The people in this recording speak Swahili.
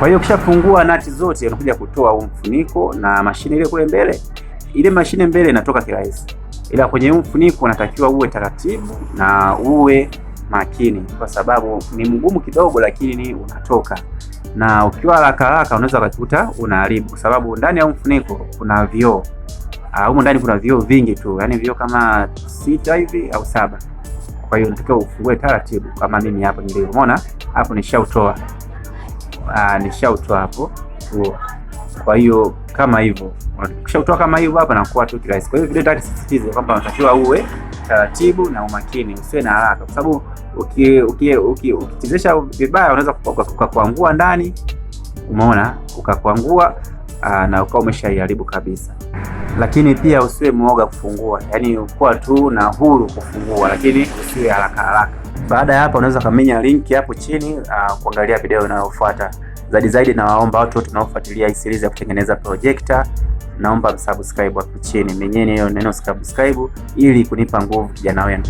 Kwa hiyo ukishafungua nati zote unakuja kutoa huu mfuniko na mashine ile kule mbele, ile mashine mbele inatoka kirahisi, ila kwenye huu mfuniko unatakiwa uwe taratibu na uwe makini, kwa sababu ni mgumu kidogo, lakini ni unatoka na ukiwa haraka haraka unaweza ukajikuta unaharibu, kwa sababu ndani ya mfuniko kuna vioo ah, humo. Uh, ndani kuna vioo vingi tu, yani vioo kama sita hivi au saba. Kwa hiyo unatakiwa ufungue taratibu, kama mimi hapo nilivyoona hapo nishautoa. Ah, nishautoa hapo. Kwa hiyo kama hivyo ukishautoa kama hivyo hapa na kuwa tu kirahisi. Kwa hiyo vile nataka sisitize kwamba unatakiwa uwe taratibu na umakini, usiwe na haraka, kwa sababu ukichezesha vibaya unaweza ukakuangua ndani, umeona, ukakuangua ah, na ukawa umeshaiharibu kabisa. Lakini pia usiwe mwoga kufungua, yani ukuwa tu na huru kufungua, lakini usiwe haraka haraka. Baada ya hapa, unaweza ukamenya linki hapo chini ah, kuangalia video inayofuata. Zaidi zaidi nawaomba watu wote wanaofuatilia hii series ya kutengeneza projector, naomba msubscribe hapo chini, menyeni hiyo neno subscribe ili kunipa nguvu kijana wenu.